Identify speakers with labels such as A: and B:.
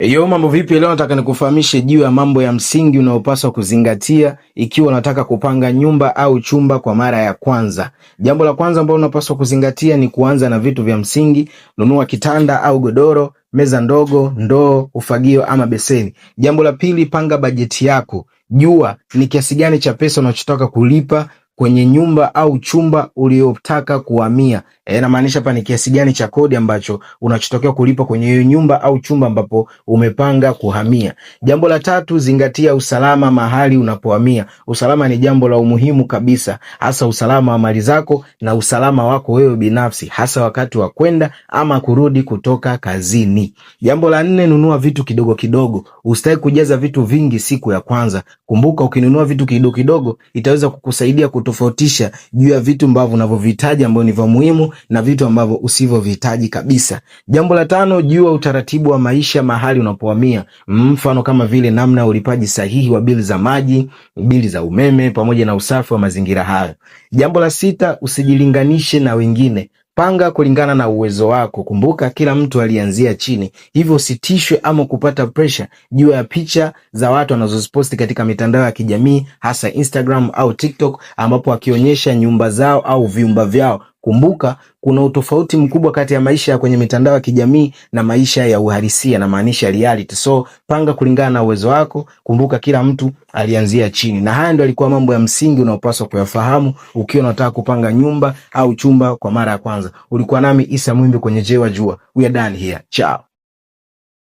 A: Eyo, eh, mambo vipi? Leo nataka nikufahamishe juu ya mambo ya msingi unayopaswa kuzingatia ikiwa unataka kupanga nyumba au chumba kwa mara ya kwanza. Jambo la kwanza ambalo unapaswa kuzingatia ni kuanza na vitu vya msingi. Nunua kitanda au godoro, meza ndogo, ndoo, ufagio ama beseni. Jambo la pili, panga bajeti yako. Jua ni kiasi gani cha pesa unachotaka kulipa kwenye nyumba au chumba uliotaka kuhamia. Eh, inamaanisha hapa ni kiasi gani cha kodi ambacho unachotokea kulipa kwenye hiyo nyumba au chumba ambapo umepanga kuhamia. Jambo la tatu, zingatia usalama mahali unapohamia. Usalama ni jambo la umuhimu kabisa, hasa usalama wa mali zako na usalama wako wewe binafsi, hasa wakati wa kwenda ama kurudi kutoka kazini. Jambo la nne, nunua vitu kidogo kidogo. Usitaki kujaza vitu vingi siku ya kwanza. Kumbuka, ukinunua vitu kidogo kidogo itaweza kukusaidia kutu kutofautisha juu ya vitu ambavyo unavyovihitaji ambavyo ni vya muhimu na vitu ambavyo usivyovihitaji kabisa. Jambo la tano, jua utaratibu wa maisha mahali unapohamia, mfano kama vile namna ya ulipaji sahihi wa bili za maji, bili za umeme pamoja na usafi wa mazingira hayo. Jambo la sita, usijilinganishe na wengine Panga kulingana na uwezo wako. Kumbuka kila mtu alianzia chini, hivyo usitishwe ama kupata presha juu ya picha za watu wanazoziposti katika mitandao ya kijamii, hasa Instagram au TikTok, ambapo wakionyesha nyumba zao au vyumba vyao Kumbuka kuna utofauti mkubwa kati ya maisha ya kwenye mitandao ya kijamii na maisha ya uhalisia, na maanisha reality. So panga kulingana na uwezo wako. Kumbuka kila mtu alianzia chini, na haya ndio alikuwa mambo ya msingi unaopaswa kuyafahamu ukiwa unataka kupanga nyumba au chumba kwa mara ya kwanza. Ulikuwa nami Isa Mwimbi kwenye Jewa Jua. We are done here. Ciao.